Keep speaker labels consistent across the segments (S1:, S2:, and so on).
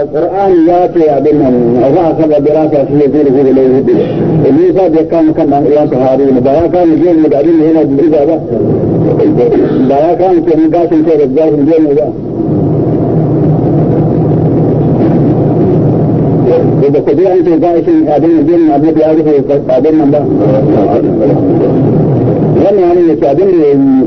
S1: القرآن ياتي بالنمو إذا أخذ براسة سيزيل في ذلك الدنيا الموسى بيقام كما إياس هارون بها كان جيل مقارين هنا بمجزة بها بها كان في مقاس في رجاء في جيل إذا كنت يعني في قائش أبين الدين ما بيك يعرف أبين من بها لم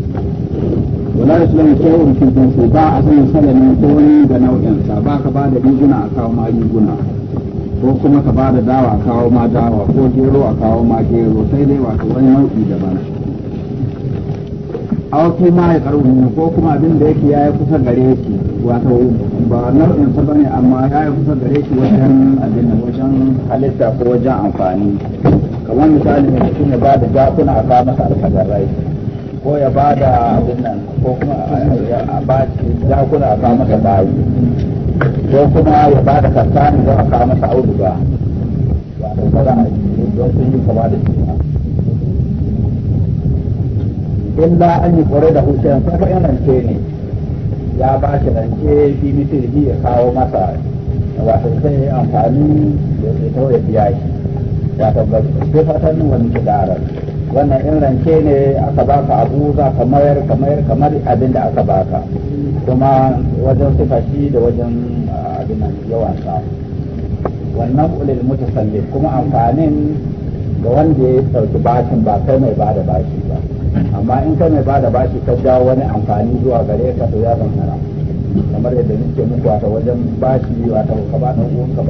S1: wala ya sulan kyawun kirkin su ba a sanin salamin ko wani da nau'insa ba ka ba da riguna a kawo ma riguna ko kuma ka ba da dawa a kawo ma dawa ko gero a kawo ma gero sai dai wato wani nau'i daban auki ma ya karu ko kuma abin da yake yayi kusa gare shi wato ba nau'in sa bane amma yayi kusa gare shi wajen abin da wajen halitta ko wajen amfani kamar misali mutum ya ba da jakuna a kawo masa alfadarai ko ya ba da abin nan ko kuma a ba ya kuna a kawo masa bayi ko kuma ya ba da kasani don a kawo masa auduga wato ba za a yi don sun yi kama da ba illa an yi kore da hussein sun fa rance ne ya ba shi rance fi mitirhi ya kawo masa wato sai amfani ya tsaye ta ya biya shi ya ba su fatan wani kidarar wannan in rance ne aka baka abu za ka mayar ka kamar abin da aka baka kuma wajen sifashi da wajen abin yawan sa wannan ulil mutasalli kuma amfanin ga wanda ya sauki bashin ba kai mai bada bashi ba amma in kai mai bada bashi ka jawo wani amfani zuwa gare ka to ya zama kamar yadda nake muku wata wajen bashi wata ka ba ɗan uwanka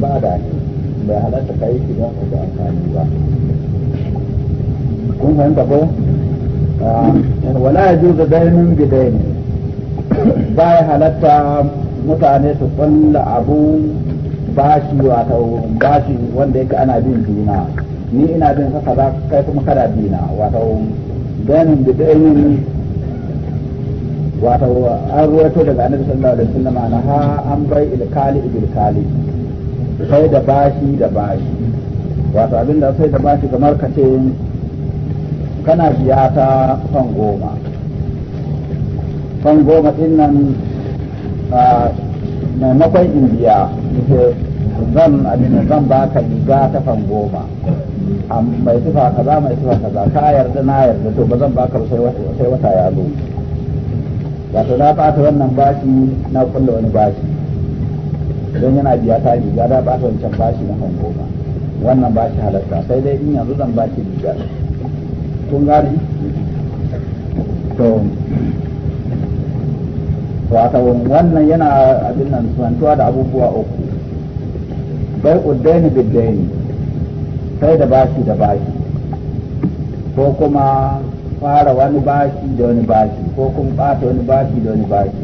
S1: ba da ne bai halatta kai shi don ka amfani ba
S2: kun fahimta ko
S1: ah, wala ya juzu dainin bidaini ba ya halatta mutane su tsalla abu bashi wato bashi wanda yake ana bin juna ni ina bin sa kaza kai kuma kada bina wata dainin bidainin wata an ruwato daga annabi sallallahu alaihi wasallam na ha an bai ilkali ilkali sai da bashi da bashi wato abinda sai da bashi kamar kace kana biya ta fan goma fan goma din nan maimakon in biya zan abin zan ba ka riga ta fan goma mai tufa kaza mai tufa kaza ka yarda na yarda to ba zan baka sai wata ya zo wato na bata wannan bashi na kulla wani bashi don yana biya ta riga da bata wancan bashi na fan goma wannan bashi halatta sai dai in yanzu zan baki riga kun gane to wata wannan yana abin nan suwantuwa da abubuwa uku bai uddaini biddaini sai da bashi da bashi ko kuma fara wani bashi da wani bashi ko kuma bata wani bashi da wani bashi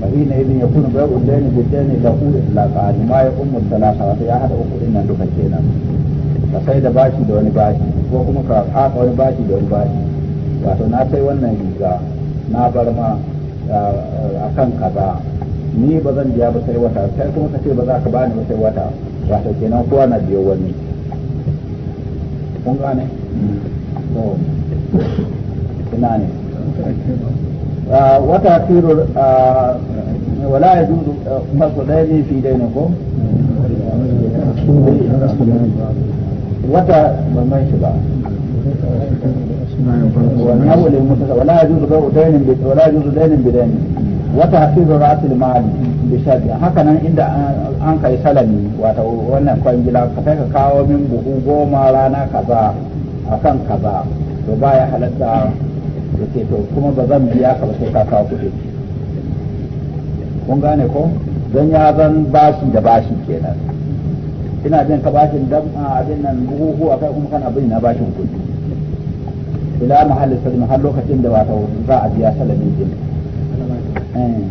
S1: فحين إذ يكون بيع الدين بالدين له إطلاقا لما يقوم الثلاثة وهي أحد أقول إن دكتينا ka sai da bashi da wani bashi ko kuma ka haka wani bashi da wani bashi wato na sai wannan riga na bar ma a kan kaza ni ba zan biya ba sai wata sai kuma ka ce ba za ka bani ba sai wata wato kenan kowa na biyo wani kun gane to ina ne wata tiro wala ya zuzu masu ɗaya ne fi dai ne ko
S2: wata ba shi ba ومن اول
S1: ولا يجوز بيع دين wata يجوز دين بدين وتحفيظ راس المال بشرط inda an kai سلمي wata wannan kwangila ka ka kawo min buhu goma rana kaza akan kaza to ya halatta yace to kuma ba zan biya ka ba sai ka kawo kuɗi kun gane ko don ya zan bashi da bashi kenan ina bin ka bashin dab abin nan a kai kuma kana bin na bashin kuɗi ila mahallin sadi har lokacin da wato za a biya salamin din eh.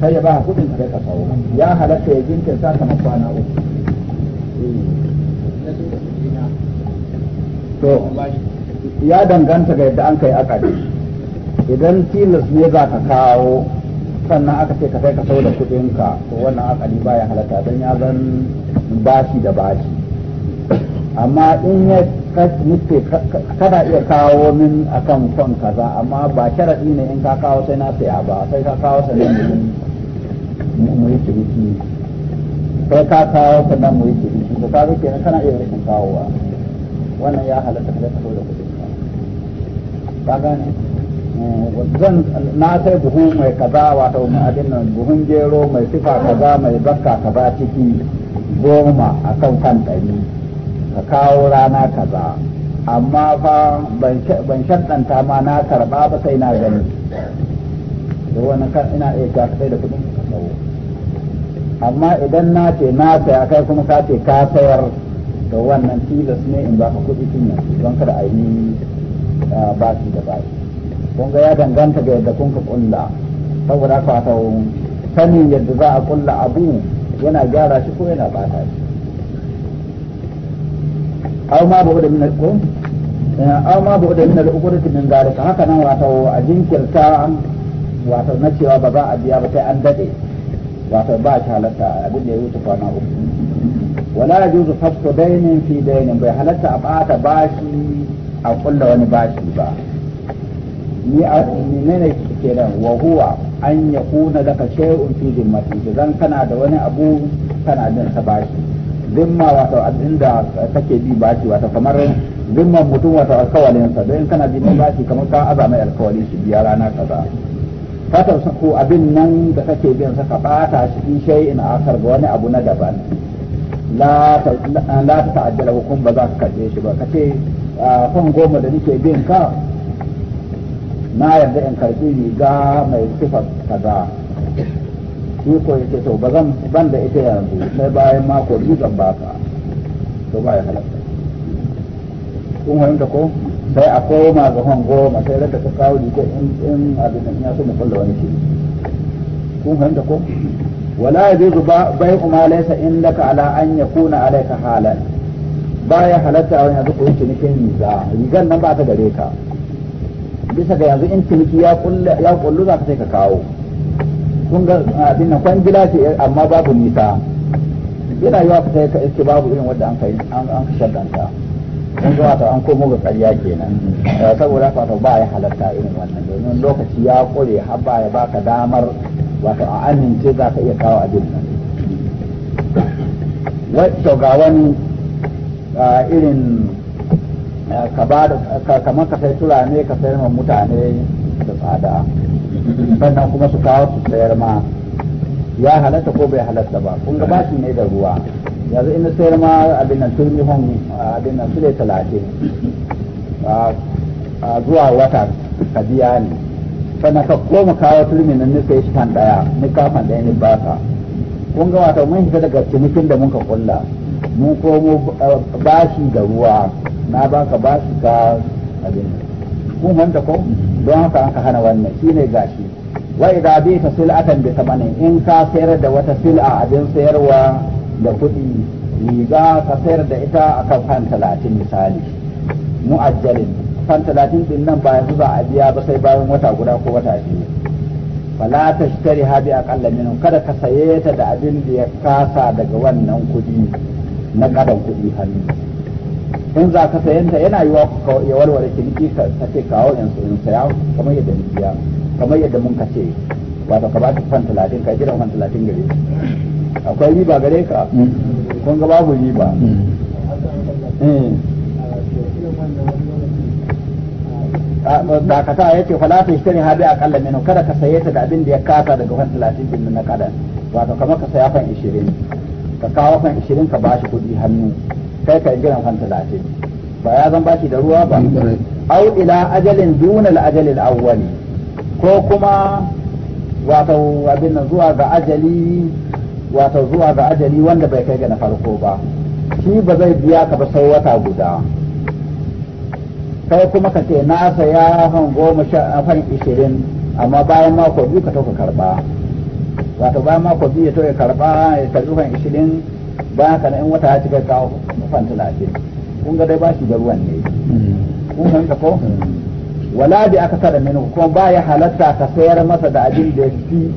S1: sai ya ba kuɗin kai ka kawo ya halatta ya jinkin sa kamar kwana uku to ya danganta ga yadda an kai akadi idan tilas ne za ka kawo sannan aka ce ka kai ka sau da kuɗin ka to wannan akali baya halatta don ya zan bashi da bashi amma in ya nufe kada iya kawo min akan kwan kaza amma ba sharaɗi ne in ka kawo sai na saya ba sai ka kawo sannan mu yi ciniki sai ka kawo sannan mu yi ciniki ko ka ke kana iya rashin kawowa wannan ya halatta ka sau da kudin ka ka gane zan na sai buhu mai kaza wato mai abin nan buhun gero mai sifa kaza mai bakka kaza ciki goma a kan kan ɗari ka kawo rana kaza amma fa ban shaddanta ma na karba ba sai na gani da wani kan ina iya ta da kuɗin ka amma idan na ce na a kai kuma ka ce ka sayar da wannan tilas ne in ba ka kuɗi tun don kada a yi ah, ba da ba kun ga ya danganta ga yadda kun ka kulla saboda haka ta sani yadda za a kulla abu yana gyara shi ko yana bata shi aw ma bu da min ko eh, aw ma bu da min al-ukurati min zalika haka nan wato a jinkirta wato na cewa ba za a biya ba sai an dade wato ba shi halatta abin da ya wuce kwana uku wala yajuzu fasu dainin fi dainin bai halatta a bata bashi a kulla wani bashi ba menene kenan wa huwa an ya kuna daga shay'un fi zimmati idan kana da wani abu kana jin sa bashi zimma wato abinda kake bi bashi wato kamar zimman mutum wato alkawalin sa dan kana bi bashi kamar ka aza mai alkawalin shi biya rana kaza ka ko abin nan da kake bi sa ka bata shi in shay'in akar ga wani abu na daban la ta ta'addala hukum ba za ka kaje shi ba kace kan goma da nake bin ka na yarda in karɓi riga mai sifar kaza shi ko yake to ba zan ban da ita yanzu sai bayan mako biyu zan baka to ba ya halatta kun fahimta ko sai a koma ga hon goma sai rata ta kawo riga in abin nan ya so mu kulla wani shi kun fahimta ko wala ya bai kuma laisa in laka ala an alaika halal halan ya halatta wani yanzu ko yake nufin riga rigan nan ba ta gare ka bisa ga yanzu in ciniki ya kullu za ka sai ka kawo kun ga abin nan gida ce amma babu nisa yana yiwa ka sai ka iske babu irin wanda an kai an an shaddanta kun ga wato an komo ga ƙarya kenan eh, saboda ka wato ba ya halatta irin wannan domin lokaci ya kure har ba ya baka damar wato a amince za ka iya kawo abin nan wato ga wani irin ka ba kamar ka sai turane ka sayar ma mutane da tsada sannan kuma su kawo su sayar ma ya halatta ko bai halatta ba kun ga bashi ne da ruwa yanzu ina sayar ma abin nan turmi hon abin nan sule talatin zuwa wata ka biya ni sannan ka koma kawo turmi nan nisa yi shi kan daya ni kafan daya ni baka kun ga wata mun hita daga cinikin da mun ka kulla mun komo eh, bashi da ruwa na baka bashi ka abin kun wanda ko don haka an ka hana wannan shine gashi wa idza bita sil'atan bi tamanin in ka sayar da wata a abin sayarwa da kuɗi riga ka sayar da ita akan kan talatin misali mu'ajjalin kan talatin din nan ba yanzu za a biya ba sai bayan wata guda ko wata biyu fala ta shi tare habi akalla kada ka saye ta da abin da ya kasa daga wannan kuɗi na kadan kuɗi hannu in za ka sayan ta yana yiwa ya warware ciniki ka ce kawo yanzu in saya kamar yadda ni biya kamar yadda mun ka ce wato ka ba ta fan talatin ka jira fan talatin gare akwai riba gare ka kun ga babu riba mm. eh. ah, dakata ya ce shi ta ne haɗe a ƙalla minu kada ka saye ta da abin da ya kasa daga fan talatin din na ba. wato kamar ka saya fan ishirin ka kawo kan ishirin ka bashi kuɗi hannu kai ka jiran kan talatin ba ya zan bashi da ruwa ba au ila ajalin duna ajalil awwali ko kuma wato abin nan zuwa ga ajali wato zuwa ga ajali wanda bai kai ga na farko ba shi ba zai biya ka ba sai wata guda kai kuma ka ce na saya fan goma sha ishirin amma bayan mako biyu ka to ka karba wato ba ma ko ya to ya karba ya karbi fan 20 ba ka in wata ya cika kawo fan 30 kun ga dai ba shi da ruwan ne
S3: mm.
S1: kun san ka ko mm. wala bi aka sada min kuma ba ya halatta ka sayar masa da abin da fi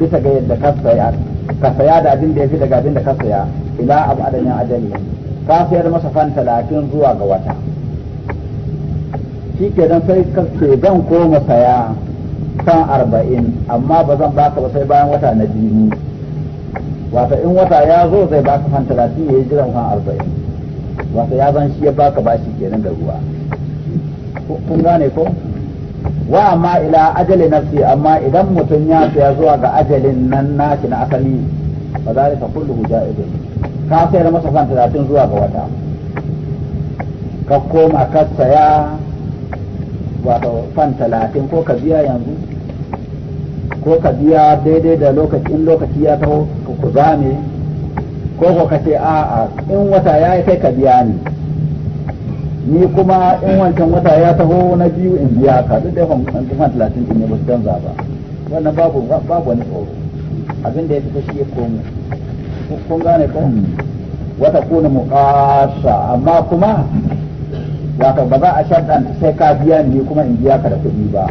S1: bisa ga yadda ka saya ka saya da abin da ya fi daga abin da ka saya ila abu adamin ajali ka sayar masa fan talatin zuwa ga wata shi ke dan sai ka ce zan koma saya kan arba'in amma ba zan baka ba sai bayan wata na biyu wata in wata ya zo zai baka kan talatin ya yi jiran kan arba'in wata ya zan shi ya baka bashi kenan da ruwa kun gane ko wa amma ila ajali nafsi amma idan mutum ya fiya zuwa ga ajalin nan nashi na asali ba za ka kullu idan. ka sayar masa kan talatin zuwa ga wata ka koma ka saya wato fan talatin ko ka biya yanzu ko ka biya daidai da lokaci in lokaci ya taho ku zame ko ko ka ce a'a in wata ya yi kai ka biya ni ni kuma in wancan wata ya taho na biyu in biya ka duk da fan talatin ne ba su canza ba wannan babu babu wani tsoro abin da ya fito shi ya komo kun gane ko hmm. wata kuna muƙasa amma kuma wato ba za a sharɗan sai ka biya ni kuma in biya ka da kuɗi ba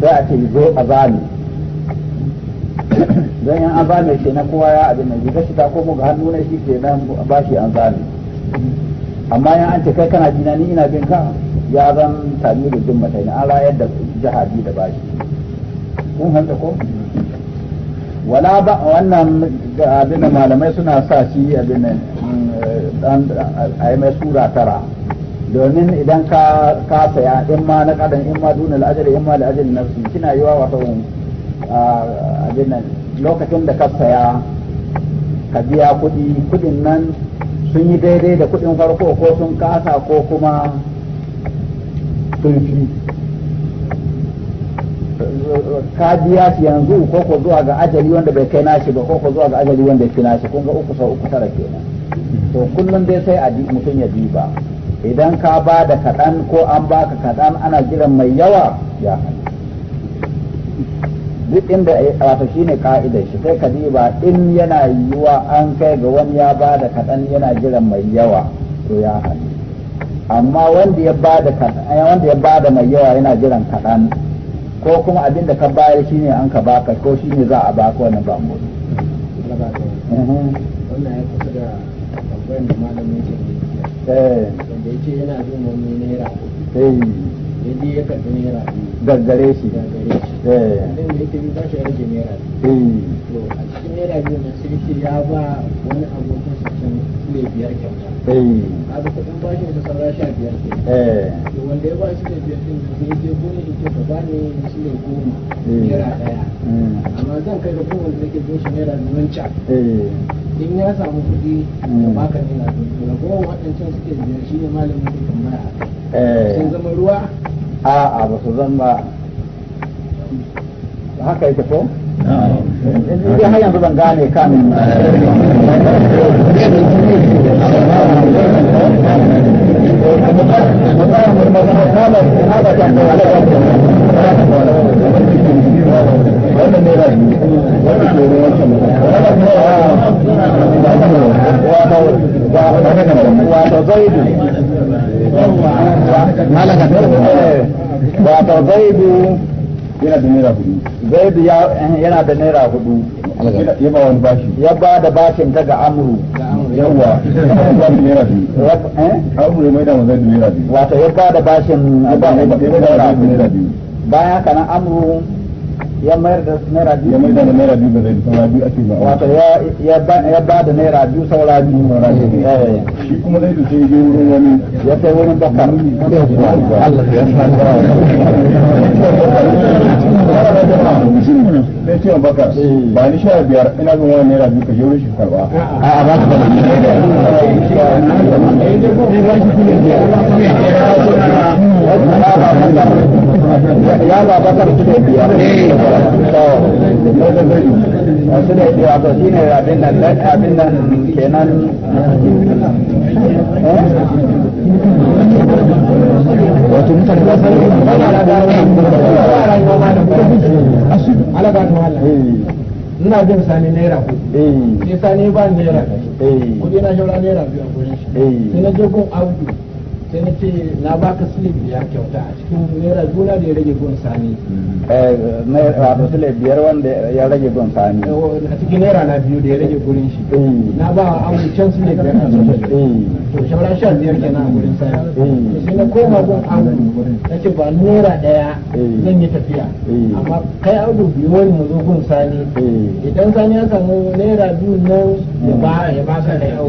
S1: sai a ce zo a zami don yan an zame ce na kowa ya abin nan ji gashi ko komo ga hannu ne shi ke nan ba shi an zame amma yan an ce kai kana jina ni ina bin ka ya zan tani da jin matai na ala yadda jihadi da bashi kun hanta ko wala ba wannan abin malamai suna sa shi abin nan eh, dan ayi mai sura tara domin idan ka ka saya in ma na kadan in ma duna al'ajali in ma na nafsi kina yi wa wato abin lokacin da ka saya ka biya kuɗi kuɗin nan sun yi daidai da kuɗin farko ko sun kasa ko kuma sun fi ka biya shi yanzu ko ko zuwa ga ajali wanda bai kai nashi ba ko ko zuwa ga ajali wanda ya fi nashi kun ga uku sau uku tara kenan to kullum dai sai a mutum ya diba idan ka ba da kaɗan ko an baka kaɗan ana jiran mai yawa ya duk inda shi eh, shine ka'idar shi sai ka diba in yana yiwuwa an kai ga wani ya ba da kaɗan yana jiran mai yawa to ya hannu amma wanda ya ba da eh, wanda ya ba da mai yawa yana jiran kaɗan ko kuma abin da ka bayar shine an ka baka ko shine za a baka wannan ba mu
S2: wannan ya kusa da malamin shi Eh. wanda ya ce yana bin wani naira eh. ya je ya karɓi naira gaggare shi gaggare shi eh. da yake bi ba shi rage naira to a cikin naira biyu nan sai ya ba wani abokin sa can kule biyar kyauta a ga kuɗin shi sa sarra sha biyar to wanda ya ba shi da biyar din sai ya je gona ya ce ka ni shi ne goma naira ɗaya hmm. amma zan kai da kowanne da ke bin shi naira biyu wancan in ya samu kuɗi da baka ne na da kuma waɗancan suke biyar shi ne malamin su
S1: eh. sun zama ruwa ba su zama haka yake ko yanzu ban gane kamin.
S2: wato zaidu
S1: yana da naira hudu zaidu yana da naira hudu ya ba wani bashi ya ba da bashin daga amuru yawa eh? amuru mai da zaidu naira biyu wato ya ba da bashin bayan haka nan amuru ya mayar da naira biyu ya mayar da naira
S2: biyu ba zai saura biyu ake ba wato
S1: ya ba da naira biyu saura biyu eh, eh. shi kuma zai da sai ya wurin
S2: wani ya wurin bakar Allah ya ce bakar eh. ba ni sha biyar ina wani naira biyu ka je wurin shi karba a ba ka ba ya
S3: ba
S1: bakar su da da shi ne abin nan kenan
S2: na jin sani naira kuɗi. sani ba naira kuɗi. na shaura naira biyu a gurin shi. Sai na je gun
S1: sai na ce na baka slip biyar kyauta a cikin naira gona da ya rage gun sani eh, wato slip biyar wanda ya rage gun sani eh, a cikin naira na biyu
S2: da ya rage gurin shi eh. na ba a awu can slip biyar a sosai to shawara sha biyar ke a gurin sani sai na koma gun abu na ce ba naira daya zan yi tafiya amma kai abu biyu wani mu zo gun sani idan sani ya samu naira biyu nan ya ba ya ba ka da yau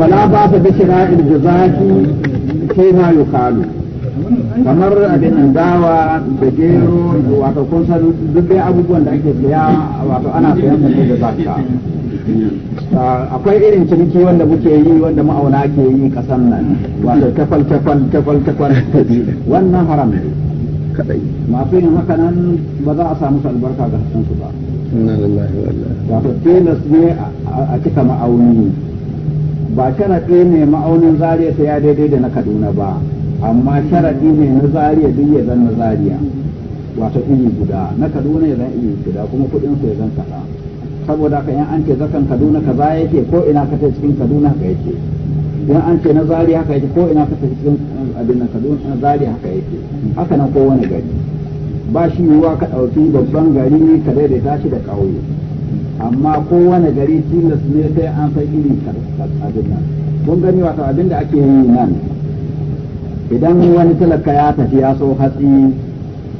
S1: ولا باس بشراء الجزاة فيما يقال kamar abin nan dawa da gero wato kun san duk dai abubuwan da ake siya wato ana sayan da da zakka akwai irin ciniki wanda muke yi wanda ma'auna ke yi kasan nan wato tafal tafal tafal tafal wannan haram ne kadai masu yin haka nan ba za a samu su albarka ga hasken su ba inna lillahi wa wato tilas ne a cika ma'auni ba sharaɗi ne ma'aunin zariya ta ya daidai da na kaduna ba amma sharaɗi ne na zariya duk ya zan na zariya wato iri guda na kaduna ya zan iri guda kuma kuɗin su ya zan kaɗa saboda ka yan an ce zakan kaduna kaza yake ko ina ka cikin kaduna ka yake yan an ce na zari haka yake ko ina ka tafi cikin eh, abin nan kaduna na eh, zari haka yake haka nan ko wani gari ba shi yiwuwa ka ɗauki babban gari ka daidaita shi da ƙauye amma ko wani gari tilas ne sai an san iri abin nan kun gani wata abin da ake yi nan idan wani talaka ya tafi ya so hatsi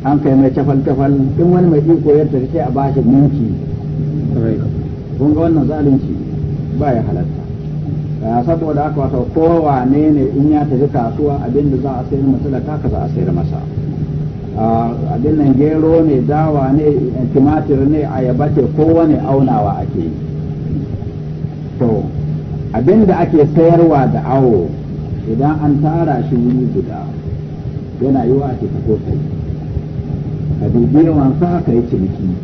S1: an kai mai cafal cafal in wani mai iko ya tafi sai a bashi minci kun ga wannan zalunci ba ya halatta Eh, saboda aka wato kowa ne ne in ya tafi kasuwa abinda za a sayar masa da taka za a sayar masa ah, abin nan gero ne dawa ne eh, timatir ne ayaba ce kowane aunawa ake yi to abin da ake sayarwa da awo idan an tara shi wuri guda yana yi wa ake tafi kai a dubi wansa ka yi ciniki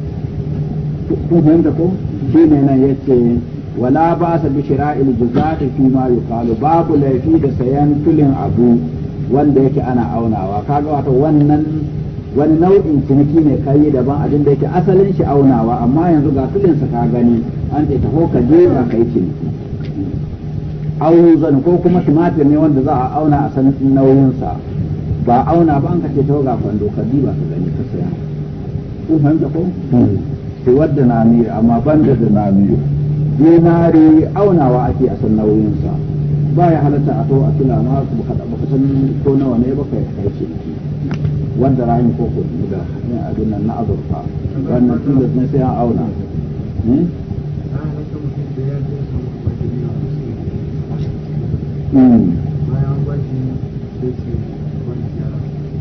S1: kuma yadda ko shi ne nan yace wala ba sa bi فيما يقال باب ma في babu laifi da sayan tulin abu wanda yake ana aunawa kaga wato wannan wani nau'in ciniki ne kai daban abin da yake asalin shi aunawa amma yanzu ga tulin sa ka gani an ta taho ka je ba kai ciniki au zan ko kuma tumatir ne wanda za a auna a sanin nauyin sa ba auna ba an ka ce taho ga kwando ka ba ka gani ka saya ko fahimta ko sai wadda na ne amma ban da na ne dinari aunawa ake a san nauyinsa ba ya halatta a to a tuna ma ba san ko nawa ne ba kai kai ce wanda rayin ko ko da ne a nan na azurfa wannan tun da sai an auna
S2: hmm? Hmm.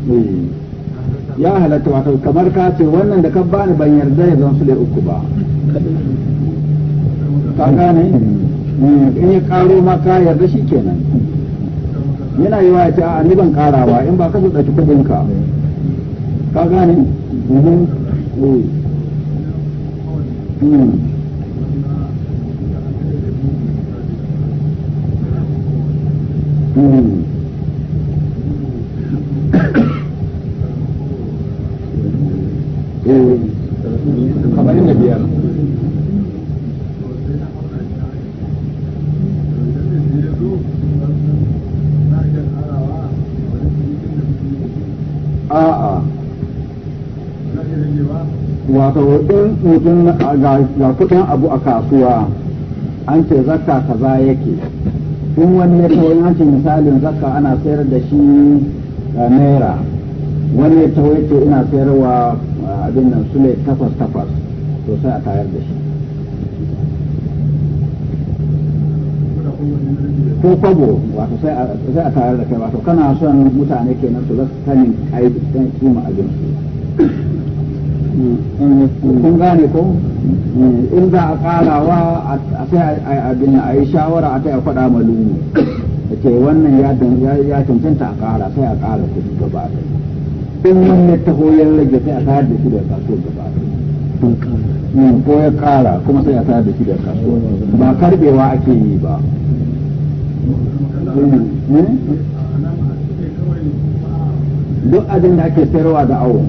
S2: Hmm.
S1: ya halatta wato kamar ka ce wannan da ka bani ban yarda ya zama su uku ba ka gane eh, in ya karo maka yarda shi kenan yana yi wa ya ce a ban karawa in ba ka su ɗauki kuɗin ka ka gane Mm-hmm. kudin ga kudin abu a kasuwa an ce zakka kaza yake in wani ya tawo an ce misalin zakka ana sayar da shi naira wani ya tawo ce ina sayarwa abin nan su ne takwas takwas to sai a tayar da shi ko kwabo wato sai a tayar da kai wato kana son mutane kenan su zaka kanin kai don kima abin su kun gane ko eh, in za a karawa a sai abin a yi shawara a taya a faɗa ma lungu a wannan ya cancanta a kara sai a kara kuɗi gaba ɗaya in wannan taho ya rage sai a tayar da shi da kasuwar gaba ɗaya hmm, ko ya kara kuma sai a tayar da shi da kasuwar ba karbewa ake yi ba
S2: hmm? Hmm? duk abin da ake
S1: sayarwa da awon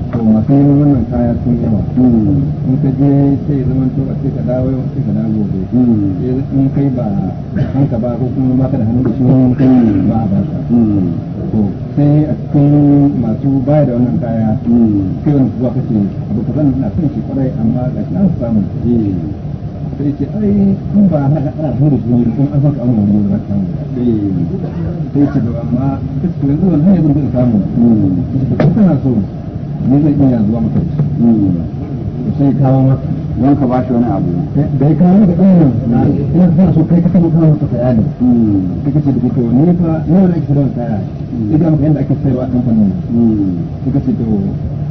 S2: to masu neman wannan kaya sun yawa in ka je sai zama to a ce ka dawo yau sai ka dawo gobe in kai ba hanka ba ko kuma ba ka da hannu da shi wani kai ba a baka to sai a cikin masu baya da wannan kaya kai wani kuwa kace abu ka zan na shi kwarai amma ga shi sai ce ai kun ba haka ana so da shi kun an saka an wani ba samu sai ce to amma kace yanzu ni zai iya zuwa maka hmm. sai kawo maka don ka bashi wani abu da ya kawo da ina da so kai ka kama kawo maka ne kaka ce da kuka ni fa ni wani ake sayarwa kaya hmm. ita maka yadda ake sayarwa a kamfanin kaka ce to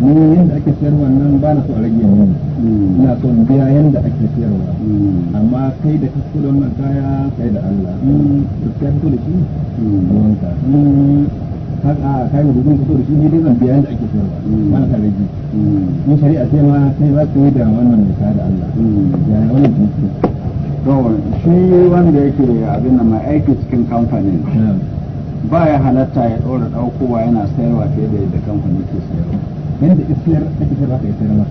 S2: ni yadda ake sayarwa nan ba na so a rage yawan hmm. ina so biya yadda ake sayarwa amma kai da ka da wannan kaya kai da Allah da ka da shi ka a kai mu dubin kuɗi shi ne dai zan biya yadda ake sayarwa mana mm. ka rage in shari'a sai ma sai za ku yi da wannan da da Allah mm. ya wannan tuntu to shi wanda yake abin nan mai
S1: aiki cikin kamfanin ba ya halatta ya ɗora ɗaukowa yana sayarwa fiye da yadda
S2: kamfanin ke sayarwa yadda isiyar ake sayarwa ka yi sayarwa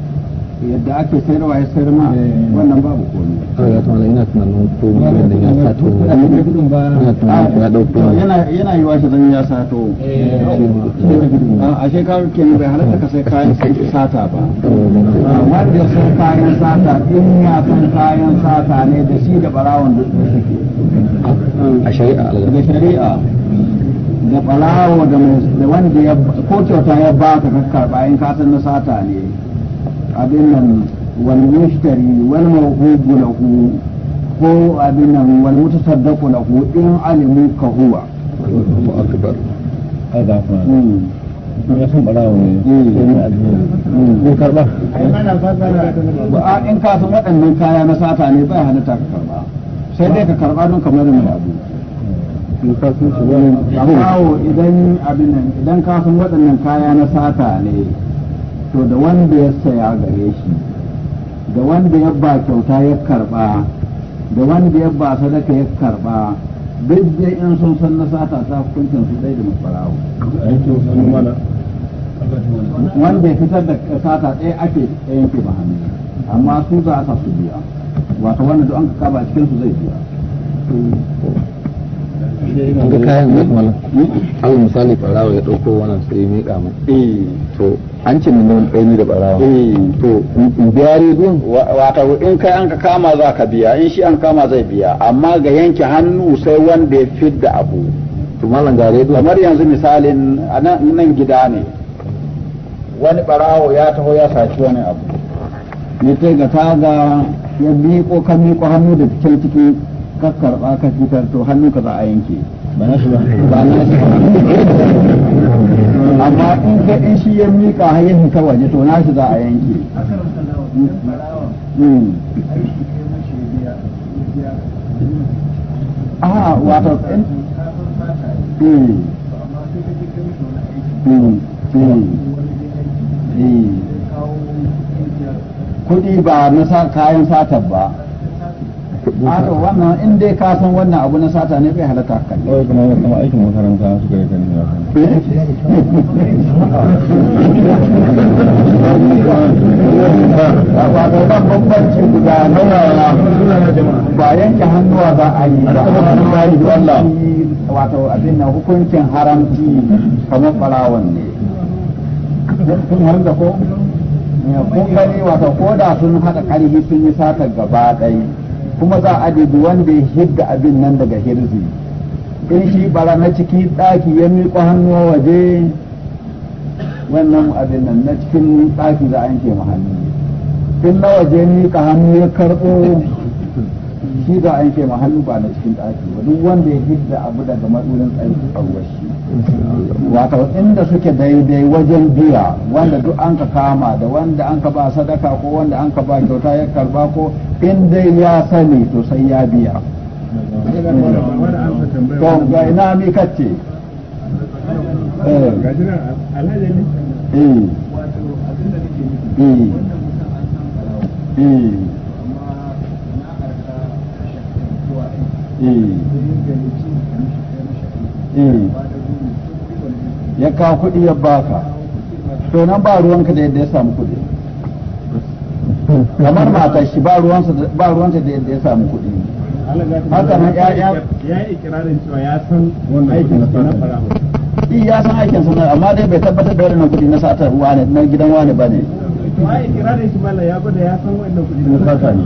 S2: yadda ake sayarwa ya sayar ma wannan babu komai a ah, ya tunanin ina tunanin ko wannan ya sato ina tunanin ya dauko ah, yana
S1: yana yiwa shi zan ya sato a shekaru kenan bai halatta ka sai kayan sata ba ah, wanda ya san kayan sata in ya san kayan sata ne da shi da barawon da suke a shari'a da shari'a da barawo da wanda ya ko kyauta ya ba ka karba in ka na sata ne abin nan wal mushtari wal mawhubu lahu ko abin nan wal mutasaddaqu lahu in
S2: alimu ka huwa Allahu akbar hada fa hmm. ya san barawo ne hmm. hmm. karba
S1: in ka san waɗannan kaya na sata ne bai halatta ka karba sai dai ka karba don kamar mai abu idan abin nan idan ka san waɗannan kaya na sata ne to da wanda ya saya gare shi da wanda ya ba kyauta ya karba da wanda ya ba sadaka ya karba duk dai in sun san na sata ta hukuncin su dai da mafarawo wanda ya fitar da sata ɗaya ake ɗaya ke ba hannu amma su za a sa su biya wata wanda duk an kaba cikin su zai biya
S2: ga kayan ne wannan al misali barawa ya dauko wani sai miƙa mu eh. to an ce mun nan ɗaya da barawa eh. to in biya redon wato
S1: in kai an ka kama za ka biya in shi an kama zai biya amma ga yanke hannu sai wanda ya fidda abu to malam ga rediyon. kamar yanzu misalin nan gida ne wani barawo ya taho ya saci wani abu ne sai ga taga ya miƙo ka miƙo hannu da cikin cikin ka karɓa ka fitar to hannu ka za a yanke ba na shi ba amma in ka in shi ya mika hanyar hita waje to na shi za a yanke hmm. a wato hmm. Hmm, kuɗi ba na kayan satar ba Ato wannan in dai ka san wannan abu na sata ne bai
S2: halatta ka ne eh, kuma kuma aikin makaranta su yi kan ya eh?
S1: ba ga ban bambanci guda na ba yanke hannuwa za a yi ba wato abin na hukuncin haramci kamar falawan ne kun harin ko kun kai wato ko da sun haɗa ƙarfi sun yi satar gaba ɗaya kuma za a dubi wanda ya hidda abin nan daga hirzi in shi bara na ciki ɗaki ya miƙo a waje wannan abin nan na cikin ɗaki za a yanke ma hannu in na waje miƙa hannu ya karɓo shi za a yanke ma hannu ba na cikin ɗaki ba duk wanda ya hidda abu daga matsulin tsayin tsarwar shi wato inda suke daidai wajen biya wanda duk an ka kama da wanda an ka ba sadaka ko wanda an ka ba kyauta ya karba ko in dai ya sani to sai ya biya to ga ina mi kace
S2: eh Eh. ya kawo kuɗi ya baka
S1: to nan ba ruwanka da yadda ya samu kuɗi kamar matar shi ba ruwanta da yadda ya samu kuɗi haka nan ya ya ikirarin cewa ya san wannan aikin sa na farawa eh, ya san aikin sa amma dai bai tabbatar da wannan kuɗi na sata wani na gidan wani bane
S2: ma ikirarin shi mallaya ba da ya san wannan kuɗi na satar ne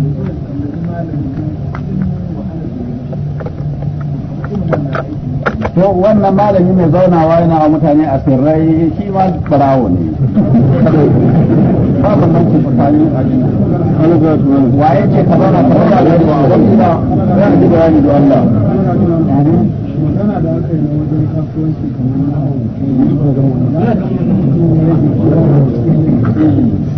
S3: to
S1: wannan malami mai zaunawa yana wa mutane a sirrai shi ma barawo ne ba tsakanin
S2: waye ce ka zauna ka zauna da yawa wani da zan ji bayani da Allah magana
S3: da aka yi wajen kasuwanci kamar na eh. hau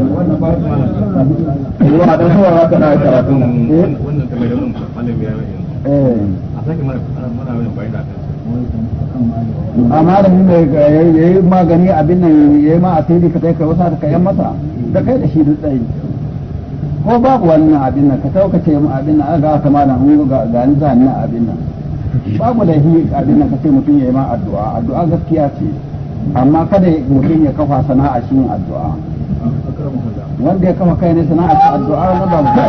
S2: ruwa don kawai haka na a sake mana mana da a malamin mai
S1: ya yi magani abin nan ya yi ma asiri ka kai ka wasa ka yan masa da kai da shi duk tsayi ko babu wannan abin nan ka taukace mu abin nan ga ta malam mun ga ga ni zan nan abin nan babu da hi abin nan ka ce mutum ya yi ma addu'a addu'a gaskiya ce amma kada mutum ya kafa sana'a shi addu'a wanda ya kama kai ne sana'ar ta addu'a na ba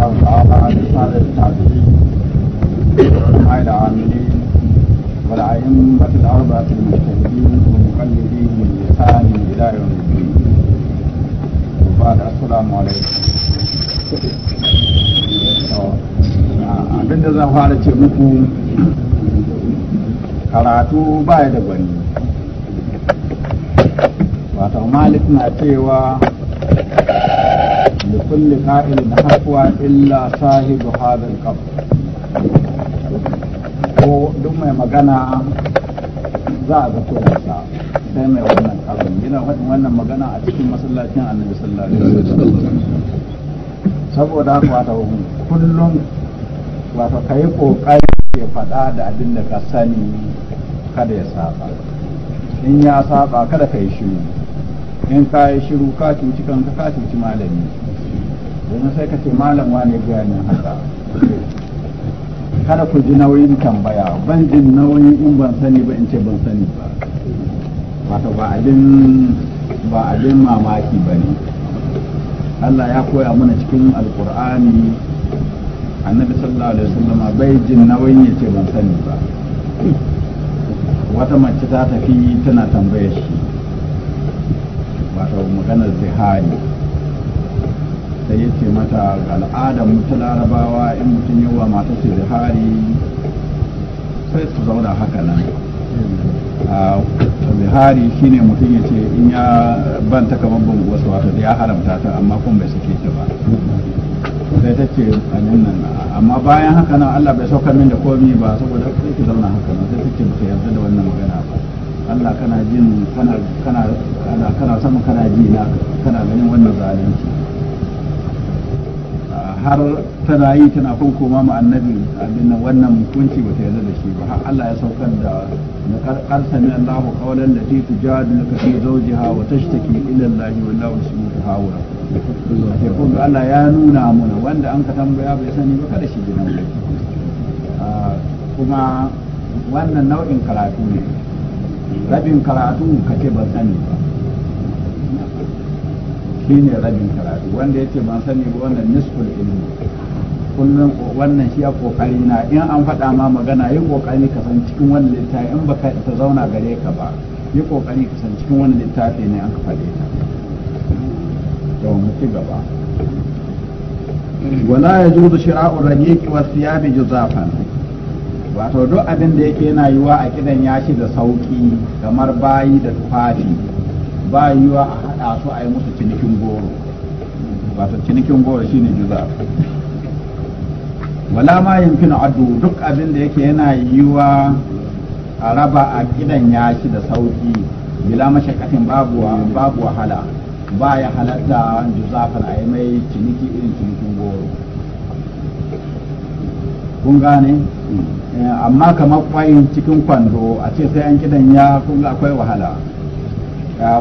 S1: الله تعالى عن رسالة التعبير والعلماء العاملين والأئمة الأربعة المجتهدين والمقلدين من لسان إلى يوم الدين وبعد السلام عليكم abinda zan fara ce muku karatu baya da gwani wato malik na cewa da kulle na hakuwa illa sahibu hadar kaf ko duk mai magana za a ga kowarsa sai mai wannan karin yana faɗin wannan magana a cikin masallacin annabi sallallahu alaihi wasallam saboda haka wata hukunci kullum wato ka yi ƙoƙari ya faɗa da abin da ka sani kada ya saba in ya saba kada ka yi shiru in ka yi shiru ka cuci kanka ka cuci malami domin sai ka ce malam wane gane haka kada ku ji nauyin tambaya ban jin nauyin in ban sani ba in ce ban sani ba wato ba abin ba abin mamaki ba ne Allah ya koya mana cikin alkur'ani annabi sallallahu alaihi wasallama bai jin nauyin ya ce ban sani ba wata mace ta tafi tana tambaye shi wato maganar zihari sai ya ce mata al'adar ta larabawa in mutum yawa mata su zihari sai su zauna haka nan zihari shine mutum ya ce in ya banta kamar bangu wasu wato da ya haramta ta amma kuma bai suke ta ba sai ta ce a nan amma bayan haka nan Allah bai sauka min da komi ba saboda haka yake zauna haka nan sai ta ce bata yarda da wannan magana ba Allah kana jin kana kana kana kana sama kana ji na kana ganin wannan zalunci har tana yi tana koma ma annabi abin nan wannan hukunci bata yarda da shi ba har Allah ya saukar da na karkar sami Allahu qawlan lati ka fi zawjiha wa tashtaki ila Allah wallahu samiu hawra ya kullu Allah ya nuna muna wanda an ka tambaya bai sani ba kada shi gidan nauyi ah, kuma wannan nau'in karatu ne rabin karatu ka ce ban sani ba shi ne rabin karatu wanda ya ce ban sani ba wannan nisful ilmi kullum wannan shi ya kokari na in an faɗa ma magana yin kokari ka san cikin wani littafi in baka ta zauna gare ka ba yi kokari ka san cikin wani littafi ne an ka faɗe ta to mu ci gaba wala yajuzu shira'u rajiqi wa thiyabi juzafan wato duk abin da yake yana yiwa a kidan yashi da sauki kamar bayi da tufafi ba yiwa a haɗa su a yi musu cinikin goro wato cinikin goro shine juzaf wala ma yumkinu addu duk abin da yake yana yiwa a raba a kidan yashi da sauki bila mashakatin babu babu wahala ba ya halatta juzafan a yi mai ciniki irin cinikin goro kun gane eh, amma kamar kwayin cikin kwando a ce sai an kidan ya kun akwai wahala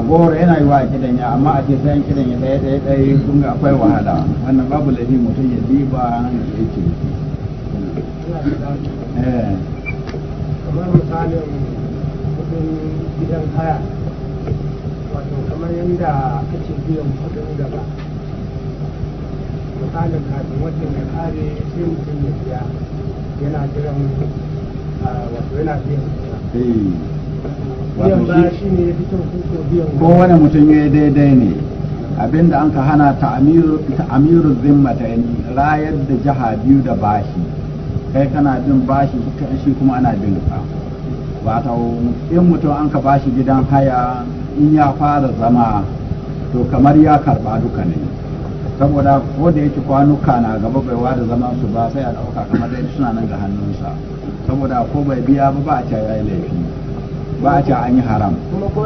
S1: goro yana yi wa kidan ya amma a ce sai an kidan ya ɗaya ɗaya ɗaya kun akwai wahala wannan babu lafi mutum ya diba ya yi ciniki eh.
S2: kamar misalin kudin gidan haya wato kamar yadda aka ce biyan kudin gaba misalin kafin wajen ya kare sai mutum ya biya yana jiran wato yana biyan
S1: eh. biyan ba
S2: shi ne ya fitar kuko biyan
S1: kowane mutum ya daidai ne abinda an ka hana ta yanzu. rayar da jiha biyu da bashi kai kana bin bashi shi kuma ana bin ka wato in mutum an ka bashi gidan haya in ya fara zama to kamar ya karba duka ne saboda ko da yake kwanuka na gaba bai wada zama su ba sai a dauka kamar dai suna nan ga hannunsa saboda ko bai biya ba ba a ce ya yi laifi ba a ce an yi haram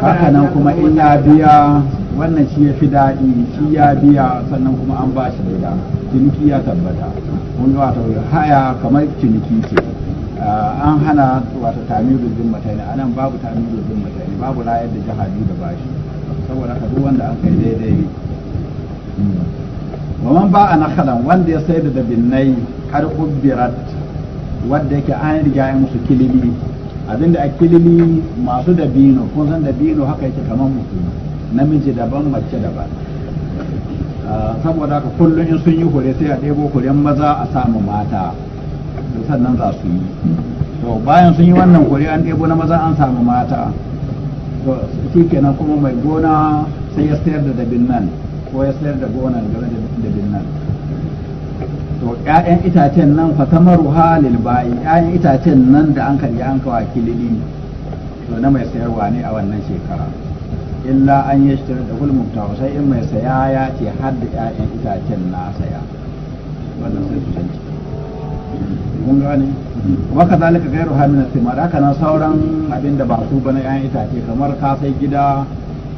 S1: haka nan kuma in ya biya wannan shi ya fi daɗi shi ya biya sannan kuma an ba shi gida ciniki ya tabbata kun wato haya kamar ciniki ce Ah, an hana wato tamiru zimmatai ne nan babu tamiru zimmatai ne babu rayar da jiha biyu da bashi saboda haka duk wanda an kai daidai ne
S3: hmm.
S1: waman ba a nakalan wanda ya sai da dabinnai har kubbirat wanda yake an riga ya musu kilili abinda a kilili masu dabino kun san dabino haka yake kamar mutum namiji daban mace daban ah, saboda haka kullum in sun yi hure sai a ɗebo kuren maza a samu mata sannan za su yi to bayan sun yi wannan kuri an ɗebo na maza an samu mata to shi kenan kuma mai gona sai ya sayar da dabin nan ko ya sayar da gona game da dabin nan to ƴaƴan itacen nan fatamaru halil bayi ƴaƴan itacen nan da an karya an kawa kilili to na mai sayarwa ne a wannan shekara illa an yi shi da gulmun sai in mai saya ya ce har da ƴaƴan itacen na saya wannan sai su canci kun gane wa kazalika ghayru hamil thimar haka nan sauran abin da ba su bane ƴaƴan itace kamar ka sai gida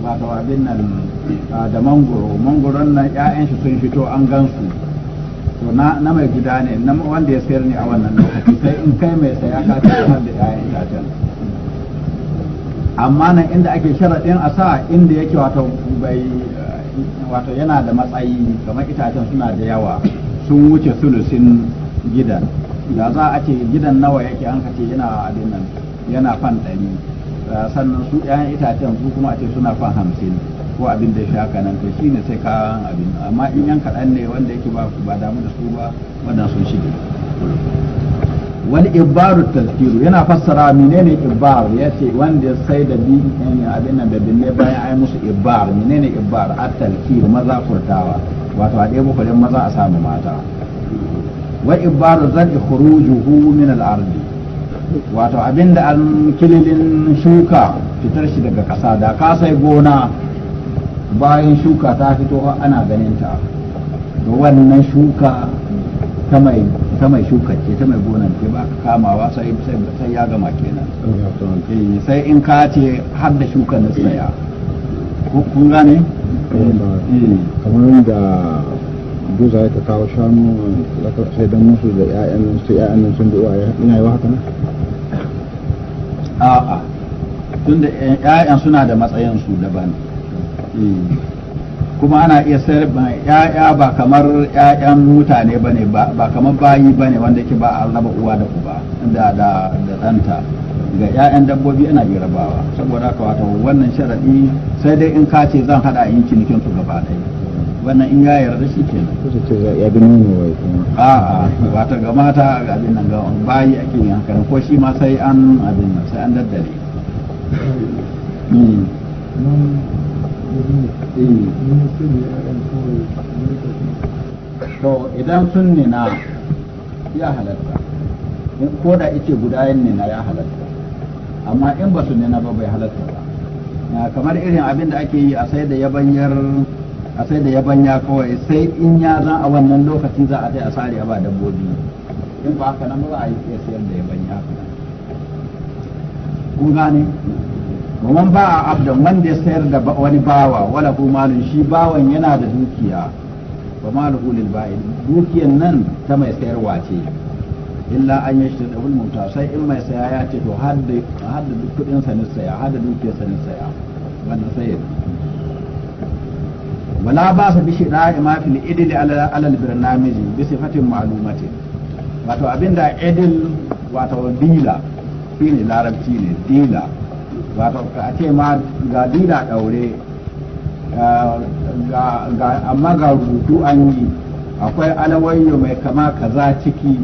S1: ta abin nan da mangoro mangoron nan ƴaƴan shi sun fito an gansu to na na mai gida ne na wanda ya sayar ne a wannan lokaci sai in kai mai saya ka ta har da ƴaƴan itacen amma nan inda ake sharaɗin a sa inda yake wato bai wato yana da matsayi kamar itacen suna da yawa sun wuce sulusin gidan da za a ce gidan nawa yake an ce yana abin nan yana fan ɗari sannan su ɗayan itacen su kuma a ce suna fan hamsin ko abin da ya sha haka nan to shi ne sai kawan abin amma in yan kaɗan ne wanda yake ba ba damu da su ba wannan sun shige wani ibbaru tazkiru yana fassara menene ibbar ya ce wanda sai da bin eh, abin nan da binne bayan ai musu mine menene ibbar at talkir maza furtawa wato a ɗaya bukulin maza a samu mata wa ibaru zar'i khurujuhu min al-ard wato abinda an kililin shuka fitar shi daga ƙasa da ka sai gona bayan shuka ta fito ana ganin ta to wannan shuka ta mai ta mai shuka ce ta mai gonan ce ba ka kamawa sai ya gama kenan eh, sai in ka ce har da shukan na tsaya kun gane
S2: eh, eh. kamar da duk za ka kawo shanu da ka sai don musu da ya'yan su ya'yan nan sun duwa ina yi wa haka nan
S1: a'a tun da ya'yan suna da matsayin su daban hmm. kuma ana iya sayar ya'ya ba kamar ya'yan mutane ba ne ba kamar bayi ba ne wanda yake ba a raba uwa da uba da da da ɗanta ga 'ya'yan dabbobi ana iya rabawa saboda haka wata wannan sharadi sai dai in ka ce zan hada in cinikin su gaba ɗaya wannan in ya yarda shi ke nan
S2: kusa ce ya bi nuna wai kuma a a wata ga mata ga abin
S1: nan ga bayi ake yin hankali ko shi ma sai an abin nan sai an daddare hmm. Hmm. to idan sun nina ya halatta ko da ice guda yin nina ya halatta amma in ba su nina ba bai halatta ba kamar irin abin da ake yi a sai da yabanyar a sai da yabanya kawai sai in ya zan a wannan lokaci za a sai a sare ba dabbobi in ba haka nan ba za a yi iya sayar da yabanya kun gane kuma ba a abdan wanda ya sayar da wani bawa wala ko malin shi bawan yana da dukiya ba malu lil ba'in dukiyan nan ta mai sayarwa ce illa an yi shi da ulmunta sai in mai saya ya ce to da kudin sa saya da dukiyar sa saya wannan sai wala ba su bishi da ima fil idil alal birnamiji bi sifatin ma'lumatin wato abinda idil wato dila shine larabci ne dila wato a ce ma ga dila daure amma ga rubutu an yi akwai alawayyo mai kama kaza ciki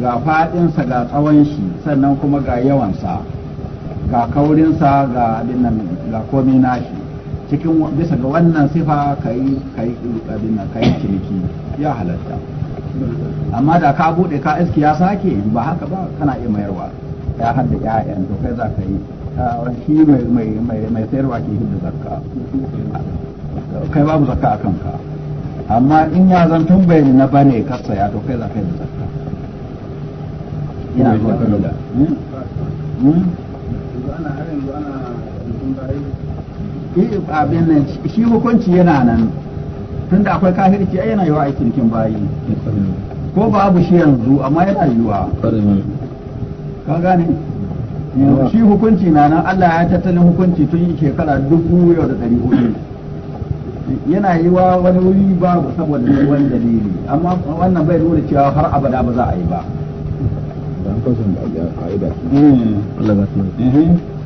S1: ga fadinsa ga tsawon shi sannan kuma ga yawansa ga kaurinsa ga abin nan ga komai nashi cikin bisa ga wannan sifa ka yi abin ka yi ciniki ya halatta amma da ka bude ka iski ya sake ba haka ba kana iya mayarwa ya hadda ƴaƴan to kai za ka yi shi mai mai mai sayarwa ke hidda zakka kai babu zakka a kanka amma in ya zan tun bai na bane ka saya to kai za ka yi zakka ina zuwa kan da Eh, shi hukunci yana nan tun da akwai kafirci yana yiwa aikin kin bayi ko babu shi yanzu amma yana yiwa ka gane shi hukunci na nan Allah ya tattalin hukunci tun yi shekara dubu yau da ɗari hudu yana yi wa wani wuri babu saboda wani dalili amma wannan bai nuna cewa har abada ba za a yi ba.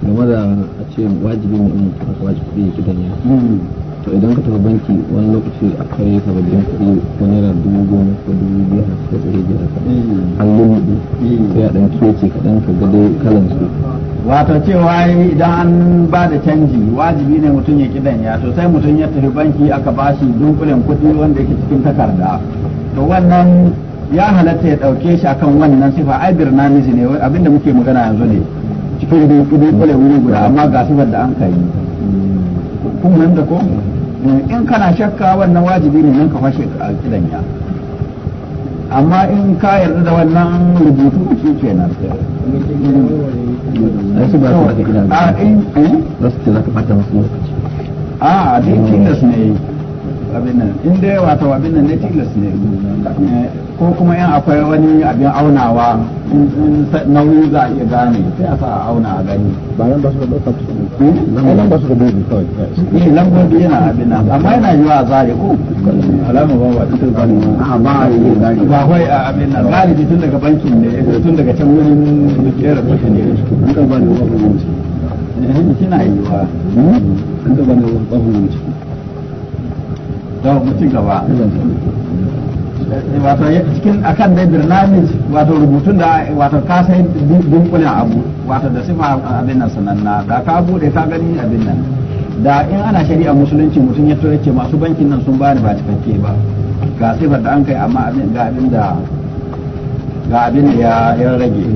S2: game da a ce wajibi ne in aka wajibi kuɗi gidan ya hmm. to idan ka tafi banki wani lokaci a kare ka ba da kuɗi ko naira dubu goma ko dubu biyar ko dubu biyar ka hmm. an lulluɓe hmm. sai a ɗan kece kaɗan ka gade kalan su
S1: wato cewa idan an ba da canji wajibi ne mutum ya kidan ya to sai mutum ya tafi banki aka bashi dunkulen kuɗi wanda yake cikin takarda to wannan ya halatta ya ɗauke shi akan wannan sifa ai birnamiji ne abinda muke magana yanzu ne cikin biyu kudu kule wuri guda amma ga sifar da an kai kun nan da ko eh, in kana shakka wannan wajibi ne nan ka fashe a kidanya amma in ka yarda da wannan rubutu shi ke nan a eh, eh? a in a ne abin nan in dai wato abin nan ne tilas ne ko kuma yan akwai wani abin aunawa in nauyi za a iya gane sai a sa a auna a gani ba nan ba su da ɗaukar su nan ba su da
S3: dubi kawai eh lambobi yana abin nan amma yana yiwa a zare
S1: ko alama ba ba tun ba a ba a yi zare ba kawai a abin nan galibi tun daga bankin ne tun daga can wurin kera kuɗi ne an kan ba da wani ba ba wuce kina yiwa an kan ba da wani ba ba don mu gaba wato cikin akan dai birnamin wato rubutun da wato ka sai dunkulin abu wato da sifa abin nan sananna da ka bude ka gani abin nan da in ana shari'a musulunci mutum ya toye ce masu bankin nan sun bani ba cikakke ba ga sifar da an kai amma abin ga abin da ga abin da ya rage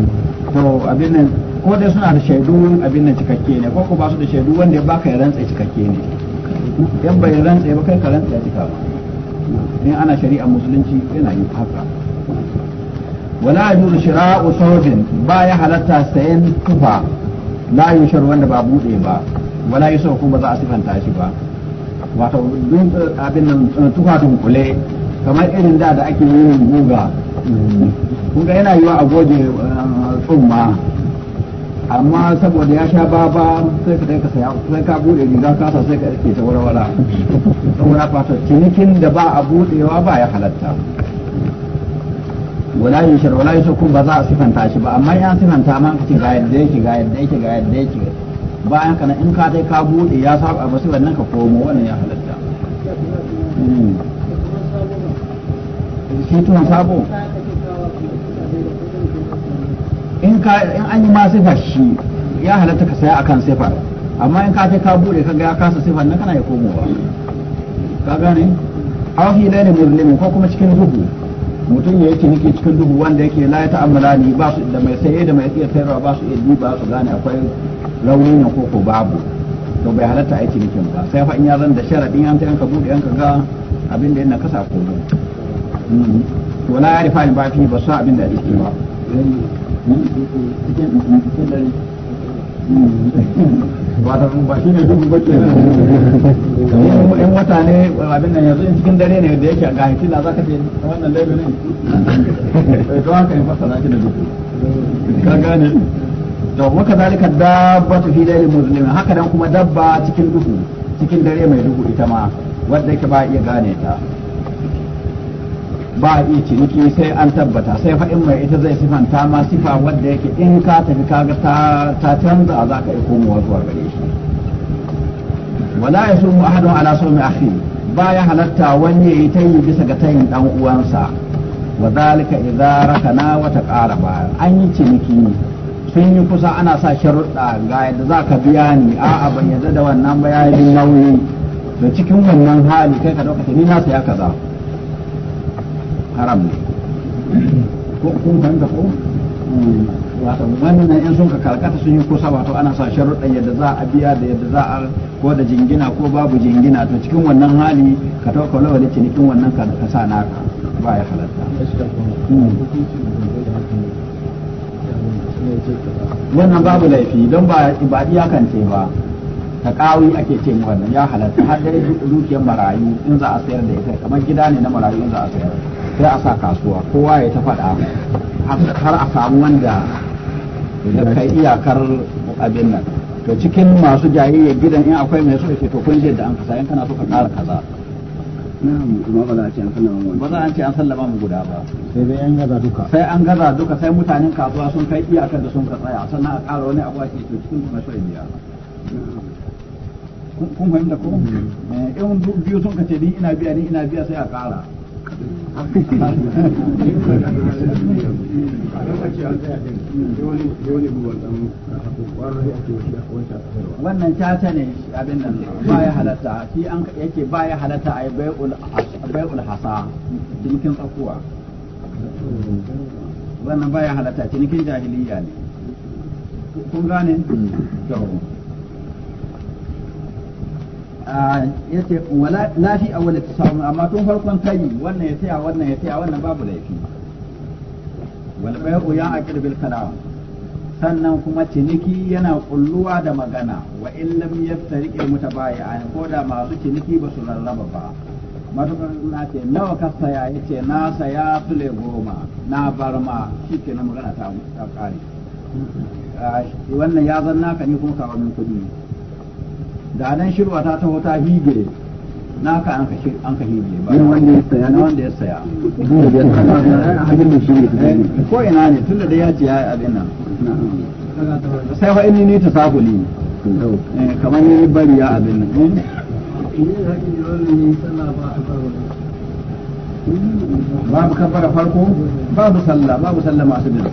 S1: to abin nan ko dai suna da shaidu abin nan cikakke ne ko ko ba su da shaidu wanda ya baka ya rantsa cikakke ne yan bai rantsa ya kai ka rantsa cika ba in ana shari'a musulunci yana yin haka wala yajuzu shira'u sawbin ba ya halatta sayan tufa la yushar wanda ba bude ba wala yusuf ba za a sifanta shi ba wato dun abin nan tufa kule kamar irin da da ake yin guga kun ga yana yiwa a goje eh, tsumma amma saboda ya sha baba sai ka ka saya sai ka bude riga ka sa sai ka ke ta warwara saboda fata cinikin da ba a budewa ba ya halatta wala yi shar wala yin shakku ba za a sifanta shi ba amma ya sifanta man ka ce ga yadda yake ga yadda yake ga yadda yake bayan kana in ka dai ka bude ya sa ba sai wannan ka komo wannan ya halatta hmm. shi tun sabo in ka in an yi ma sifa shi ya halatta ka saya akan sifar amma in ka sai ka bude ka ga ya kasa sifar nan kana ya komowa ka gane aw fi laili muzlimin ko kuma cikin duhu mutum ya yi ciniki cikin duhu wanda yake la ya ta'ammala ni ba su da mai saye da mai iya sayarwa ba su iya ba su gane akwai launin nan koko babu to bai halatta aiki cinikin ba sai fa in ya zan da sharadin an ta yanka bude yanka ga abin da yana kasa ko to hmm. wala ya rifa ba fi ba su abin da yake ba wata ba shi ne ba in wata ne abin nan yanzu in cikin dare ne da yake ga ka ce wannan laifin ne eh, to haka in fasara shi da duhu ka gane to zalika dabba fi muslimin haka dan kuma dabba cikin duhu cikin dare mai duhu ita ma wanda yake ba iya gane ta ba a iya ciniki sai an tabbata sai faɗin mai ita zai sifanta ma sifa wadda yake in ka tafi kaga ta canza za ka yi komowa zuwa gare shi wala ya sun ahadun ala sumi akhi ya halatta wani ya yayi tayi bisa ga tayin dan uwansa wa zalika idza rakana wa ba an yi ciniki ne sun yi kusa ana sa sharuɗa ga yadda za ka biya ni a'a ban yadda da wannan bayanin nauyi da cikin wannan hali kai ka ɗauka ni na saya kaza haram ne ko kun fahimta ko wato wannan in sun ka karkata sun yi kusa wato ana sa sharuɗan yadda za a biya da yadda za a ko da jingina ko babu jingina to cikin wannan hali ka ka lawa lawali cinikin wannan ka ka sa na ka ba ya halatta wannan babu laifi don ba ba iyakance ba ta kawai ake ce wannan ya halatta har dai dukiyar marayu in za a sayar da ita kamar gida ne na marayu in za a sayar sai a sa kasuwa kowa ya ta faɗa har a samu wanda ya kai iyakar abin nan
S2: to cikin masu
S1: jahiliya gidan in akwai mai so ce to kun je da an kasa in kana so ka ƙara kaza
S2: ba
S1: za a ce an sallama mu ba za a ce an sallama mu guda ba sai dai an gaza duka sai an gaza duka sai mutanen kasuwa sun kai iyakar da sun ka tsaya sannan a ƙara wani abu a ce to cikin kuma so biya kun fahimta ko mm-hmm. eh, in biyu sun ka ce ni ina biya ni ina biya
S2: sai a ƙara wannan
S1: caca ne abin nan baya halatta shi an yake baya halatta a bai'ul hasa cinikin tsakuwa wannan baya halatta cinikin jahiliya ne kun gane? Mm. yace wala fi fi wani tasawun amma tun farkon tayi wannan ya tsaya wannan ya tsaya wannan babu laifi wal bai'u ya aqil bil kalam sannan kuma ciniki yana kulluwa da magana wa in lam yaftariq al mutabayi'an ko da masu ciniki ba su rarraba ba matukar na ce nawa ka saya ya ce na saya fule goma na bar ma ke shikenan magana ta kare wannan ya zanna ka ne kuma kawo min kuɗi da nan shirwa ta taho ta hige na ka an ka an ka hige ba wanda ya saya na wanda ya saya eh, ko ina ne tunda da ya ce ya abin nan sai fa inni ni ne. Eh, kamar ni bari ya abin nan eh?
S2: babu kabbara farko babu sallah babu sallah masu bin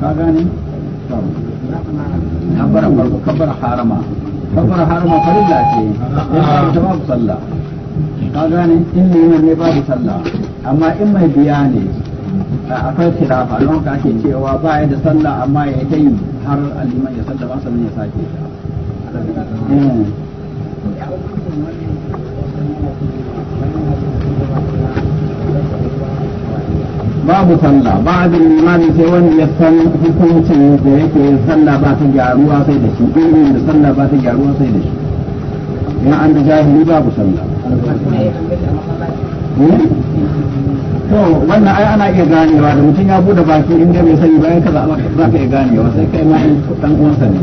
S1: ka gane كبر فرقه كبر حرما كبر حرما فريلا شيء جواب صلى قال اني من عبادي صلى اما اما بياني akwai khilafa don haka ake cewa ba ya da sallah amma ya ta yi har aliman ya sallama sannan ya sake ta
S3: babu sallah
S1: ba da limami sai wani ya san hukuncin da yake sallah ba ta gyaruwa sai da shi ɗin da sallah ba ta gyaruwa sai da shi ya an da jahili babu sallah hmm? to wannan ai ana iya ganewa da mutum ya bude baki in dai bai sani bayan ka za ka iya ganewa sai kai ma dan uwansa ne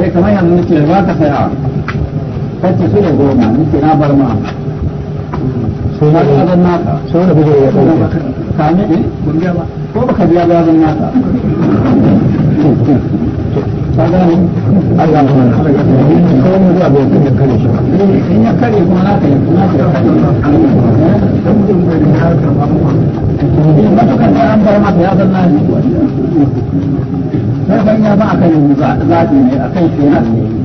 S2: eh kamar yanzu ce ba ka saya kace su ne goma
S1: nake na bar ma sai na ga naka So na bugu ya kai ka
S2: ne ne kun ga ba ko baka biya ba zan naka kaga ne Allah ya kare ni ko mu da bai kare shi ne ya kare kuma na kai na kai dan eh, din bai ya karba mu in ba to kan an bar ma ya zan nani sai ban ya ba akan
S3: zabi ne akan kenan ne